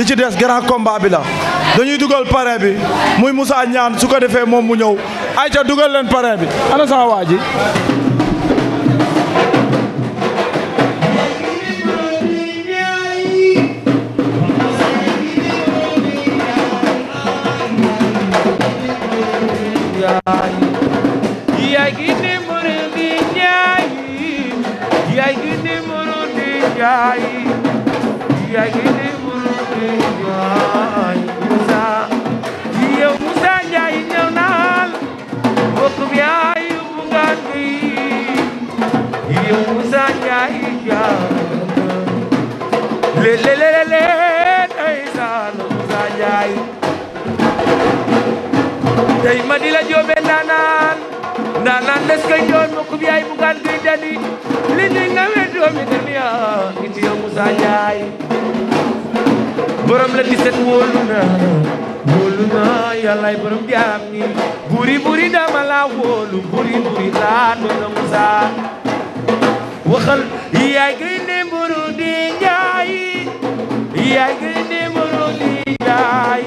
li ci des grand combat bi la dañuy dugal parrain bi muy musaa Niane su ko defee moom mu ñëw ayca dugal leen parrain bi ana sama waa ji tey ma di la jóobe ndaanaan ndaanaan les kay yoon ma ku bi ay bugaan gi dani li ni nga we doomi dani yaa iti yow Moussa Ndiaye borom la 17 wóolu na wóolu na yàllaay borom jaam ni buri buri dama la wóolu buri buri laa doona Musa waxal yaay gay ne mburu di njaay yaay gay ne mburu di njaay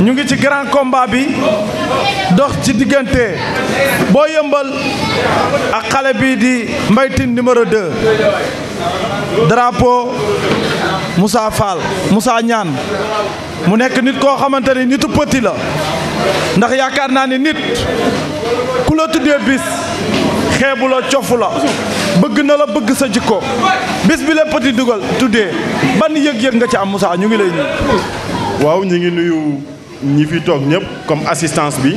ñu ngi ci grand combat bi dox ci diggante boo yëmbal ak xale bi di Mbaye Tine numéro 2 drapo musa Fall Moussa ñaan mu nekk nit koo xamante ni nitu petit la ndax yaakaar naa ni nit ku la tuddee bis xeebu la cofu la bëgg na la bëgg sa jikko bis bi la petit dugal tuddee ban yëg-yëg nga ci am Moussa ñu ngi lay waaw ñu ngi nuyu ñi fi toog ñëpp comme assistance bi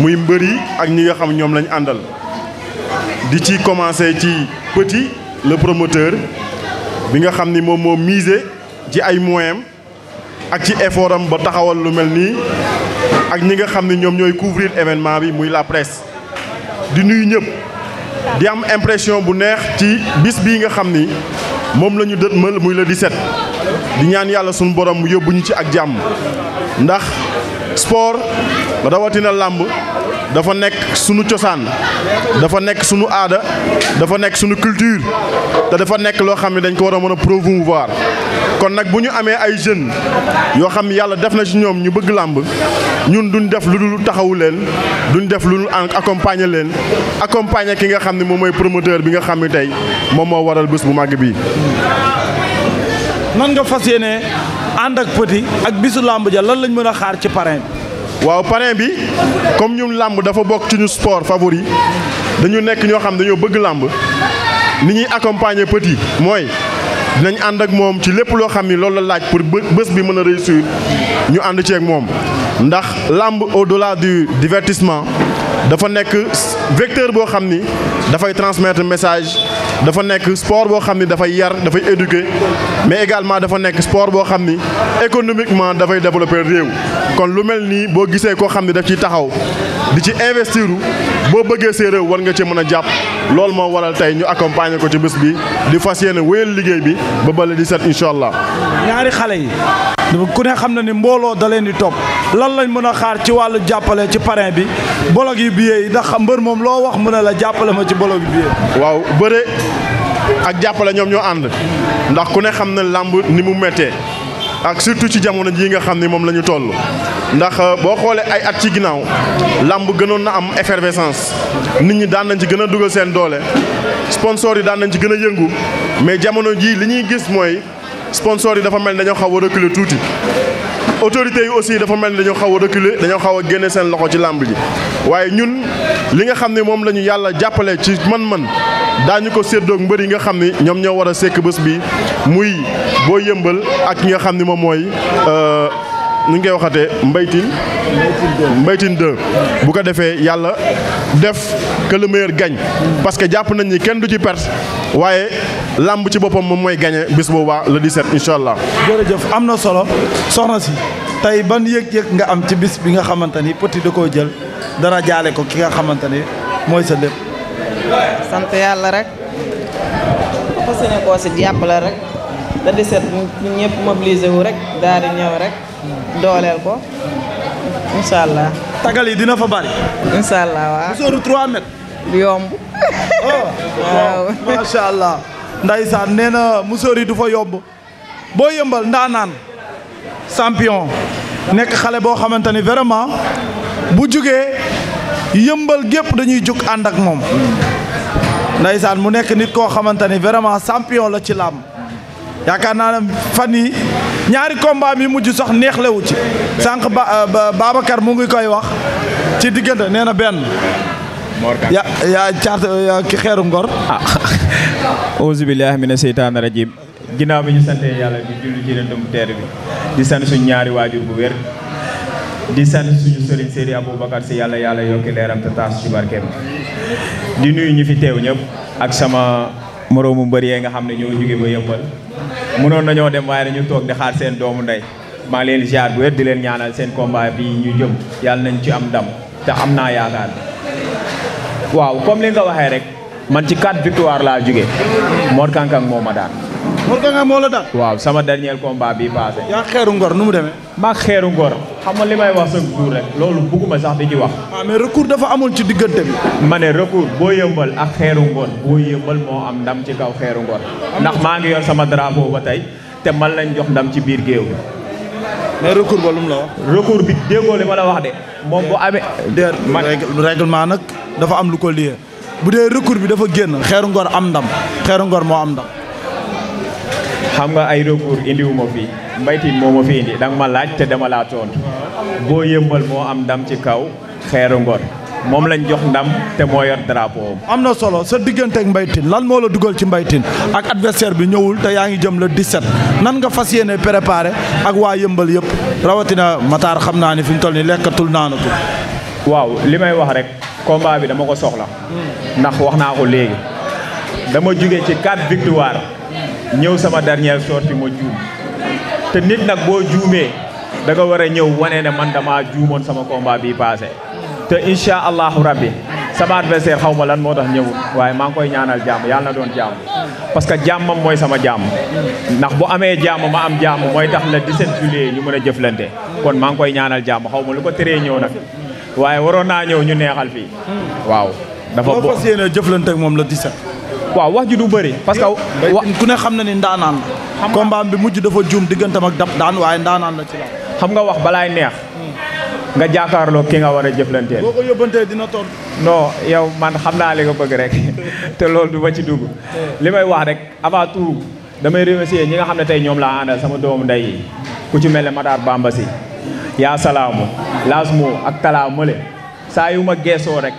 muy mbëri ak ñi nga xam ñoom lañu àndal di ci commencé ci petit le promoteur bi nga xam ni moom moo misé ci ay moyem ak ci effort ba taxawal lu mel nii ak ñi nga xam ni ñoom ñooy couvrir événement bi muy la presse di nuyu ñëpp di am impression bu neex ci bis bii nga xam ni moom la ñu dëtmal muy le 17 di ñaan yàlla suñu borom yóbbu ñu ci ak jàmm ndax sport rawatina làmb dafa nekk sunu cosaan dafa nekk sunu aada dafa nekk sunu culture te dafa nekk loo xam ne dañ ko war a mën a promouvoir kon nag bu ñu amee ay jeunes yoo xam yàlla def na ci ñoom ñu bëgg làmb ñun duñ def lu dul taxawu leen duñ def lu dul accompagner leen accompagner ki nga xam ne moom mooy promoteur bi nga xam ne tey moom moo waral bés bu màgg bii. nan nga fas yéene ànd ak petit ak bisu làmb ja lan lañ mën a xaar ci parrain waaw parrain bi comme ñun làmb dafa bokk ci ñu sport favori dañu nekk ñoo xam dañoo bëgg làmb ni ñuy accompagner petit mooy. dinañ ànd ak moom ci lépp loo xam ni loolu la laaj pour bés bi mën a réussir ñu ànd ceeg moom ndax làmb au-delà du divertissement dafa nekk vecteur boo xam ni dafay transmettre message dafa nekk sport boo xam ni dafay yar dafay éduquer mais également dafa nekk sport boo xam ni économiquement dafay développer réew kon lu mel nii boo gisee koo xam ni daf ciy taxaw di ci investir boo bëggee see war nga ci mën a jàpp loolu moo waral tey ñu accompagner ko ci bés bi di fas yéene wéyal liggéey bi ba bale di set incha allah ñaari xale yi ku ne xam na ni mbooloo da leen di topp lan lañ mën a xaar ci wàllu jàppale ci parrain bi bolog yi bi yi ndax mbër moom loo wax mën a la jàppale ma ci bolog bi billet. waaw bëre ak jàppale ñoom ñoo ànd ndax ku ne xam na làmb ni mu mettee ak surtout ci jamono ji nga xam ni moom la ñu toll ndax euh, boo xoolee ay at ci ginnaaw làmb gënoon na am effervescence nit ñi daan nañ ci gën a dugal seen doole sponsor yi daan nañ ci gën a yëngu mais jamono jii li ñuy mooy. sponsor yi dafa mel dañoo xaw a reculer tuuti autorités yi aussi dafa mel dañoo xaw a reculer dañoo xaw a génne seen loxo ci làmb ji waaye ñun li nga xam ne moom la ñu yàlla jàppale ci man-man daañu ko séddoog mbër yi nga xam ni ñoom ñoo war a sekk bés bi muy boo yëmbal ak yi nga xam ni moom mooy euh, ñu ngi koy waxatee mbaytin mbaytin 2 bu ko defee yàlla def que le meilleur parce que jàpp nañ ni kenn du ci perte waaye làmb ci boppam moom mooy gagné bis boobaa le 17 incha allah. jërëjëf am na solo soxna si tey ban yëg-yëg nga am ci bis bi nga xamante ni petit da koo jël dara jaale ko ki nga xamante ni mooy sa lépp. sant yàlla rek. fas yéene koo rek. da di set ñu ñëpp rek daal di ñëw rek dooleel ko incha allah. tagal yi dina fa bari. incha allah waaw. musóoru 3 mètres. yomb. Oh, waaw macha allah. Ndeysaan nee na musóor du fa yomb boo yëmbal ndaanaan champion nekk xale boo xamante ni vraiment bu jugee yëmbal gépp dañuy jóg ànd ak moom. Ndeysaan mu nekk nit koo xamante ni vraiment champion la ci làmb. yaakaar naa ne fan yi ñaari kombaam mi mujj sax neexlewu ci sànq euh, ba Babacar mu ngi koy wax ci diggante nee na benn ya yaa caat ki xeeru ngor ah auzubillahi mina seytaani rajim ginnaaw bi ñu sante yàlla di julli ci leen doomu teer bi di sant suñu ñaari waajur bu wér di sant suñu sëriñ Seydi Aboubacar si yàlla yàlla yokki leeram te taas ci barkeem di nuyu ñu fi teew ñëpp ak sama moroomu mbër yee nga xam ne ñoo jóge ba yëmbal mënoon nañoo dem waaye ñu toog di xaar seen doomu ndey maa ngi leen di ziar di leen ñaanal seen combat bi ñu jëm yàlla nañ ci am ndam te am naa yaakaar waaw comme li nga waxee rek man ci quatre victoire laa jóge Mor Kankang moo ma daan Mor moo la daan. waaw sama dernier combat bi passé. yaa xeeru ngor nu mu demee. maa xeeru ngor xam nga li may wax sa guur rek loolu bugguma sax di ci wax. ah mais recours dafa amul ci diggante bi. ma ne recours boo yëmbal ak xeeru ngor boo yëmbal moo am ndam ci kaw xeeru ngor ndax maa ngi yor sama drapeau ba tey te man lañ jox ndam ci biir géew. mais recours ba lu mu la wax. recours bi déggoo li ma la wax de. moom bu amee. de règlement nag dafa am lu ko lié bu dee recours bi dafa génn xeeru ngor am ndam xeeru ngor moo am ndam. xam nga ay recours indiwuma ma fi mbaytin moo ma fi indi danga ma laaj te dama laa tontu boo yëmbal moo am ndam ci kaw xeeru ngor moom lañ jox ndam te moo yor drapeau am na solo sa diggante mbaytin lan moo la dugal ci mbaytin ak adversaire bi ñëwul te yaa ngi jëm le 17 nan nga fas yéene préparé ak waa yëmbal yëpp rawatina Matar xam naa ni fi mu toll ni lekkatul naanatul waaw li may wax rek combat bi dama ko soxla hmm. ndax wax naa ko léegi dama jugee ci 4 ñëw sama dernière sortie moo juum te nit nag boo juumee da nga war a ñëw wane ne man dama juumoon sama combat bi passé te incha allahu rabbi sama adversaire xaw ma lan moo tax ñëwul waaye maa ngi koy ñaanal jàmm yàlla na doon jàmm parce que jàmmam mooy sama jàmm ndax bu amee jàmm ma am jàmm mooy tax le 17 juillet ñu mën a jëflante kon maa ngi koy ñaanal jàmm xaw ma lu ko teree ñëw nag waaye waroon naa ñëw ñu neexal fii hmm. waaw dafa boo fas yéene jëflante ak moom le 17 waaw wax ji du bëri parce que ku ne xam na ni ndaanaan la mbaam bi mujj dafa juum diggantam ak dab daan waaye ndaanaan la ci la xam nga wax balaay neex hmm. nga jàkkaarloo ki nga war a jëflanteel boo ko dina toll non yow man xam naa li nga bëgg rek te loolu du ma ci dugg hmm. li may wax rek avant tout damay remercier ñi nga xam ne tey ñoom laa àndal sama doomu day ku ci mel ne Matar Bamba si yaa salaamu laas moo ak talaa mële saa yu ma geesoo rek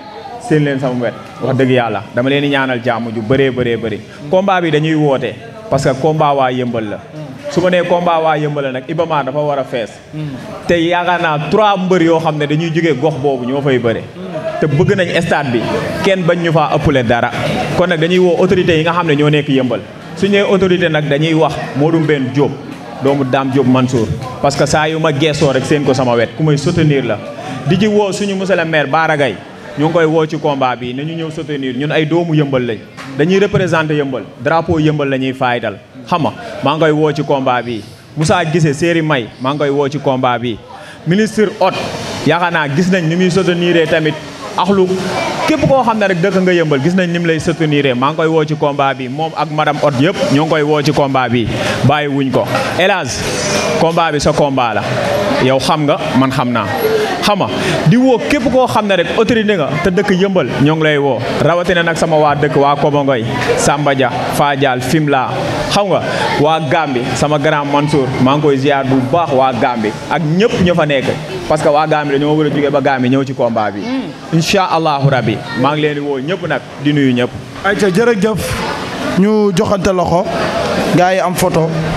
seen leen sama wet wax dëgg yàlla dama leen di ñaanal jàmm ju bëree bëree bëri combat bi dañuy woote parce que combat waa yëmbal la su ma nee combat waa yëmbal la nag Ibama dafa war a fees te yaakaar naa trois mbër yoo xam ne dañuy jógee gox boobu ñoo fay bëre te bëgg nañ stade bi kenn bañ ñu faa ëppale dara kon nag dañuy woo autorités yi nga xam ne ñoo nekk yëmbal su ñëwee autorité nag dañuy wax Modou Mbène Diop doomu Dame Diop Mansour parce que saa yu ma geesoo rek seen ko sama wet ku may soutenir la ñu ngi koy woo ci combat bi nañu ñëw soutenir ñun ay doomu yëmbal lañ dañuy représenté yëmbal drapeau yëmbal la ñuy faydal xam nga maa ngi koy woo ci i bi Moussa Guissé Séeri May maa ngi koy woo ci combat bi ministre ot yaakaar naa gis nañ ni muy soutenir tamit axlu képp koo xam ne rek dëkk nga yëmbal gis nañ ni mu lay soutenir maa ngi koy woo ci combat bi moom ak madame Ott yëpp ñoo ngi koy woo ci combat bi bàyyi wuñ ko hélas combat bi sa combat la yow xam nga man xam naa xam nga di woo képp koo xam ne rek autorité nga te dëkk yëmbal ñoo ngi lay woo rawatina nak sama waa dëkk waa Kobangoy Samba Dia Fadial Fimela xam nga waa Gambi sama grand Mansour maa ngi koy ziar bu baax waa Gambi ak ñëpp ña fa nekk parce que waa Gambi dañoo war a jógee ba ñëw ci combat bi mm. incha allahu rabbi maa ngi leen di woo ñëpp nag di nuyu ñëpp. ayca jërëjëf ñu joxante loxo gaa yi am photo.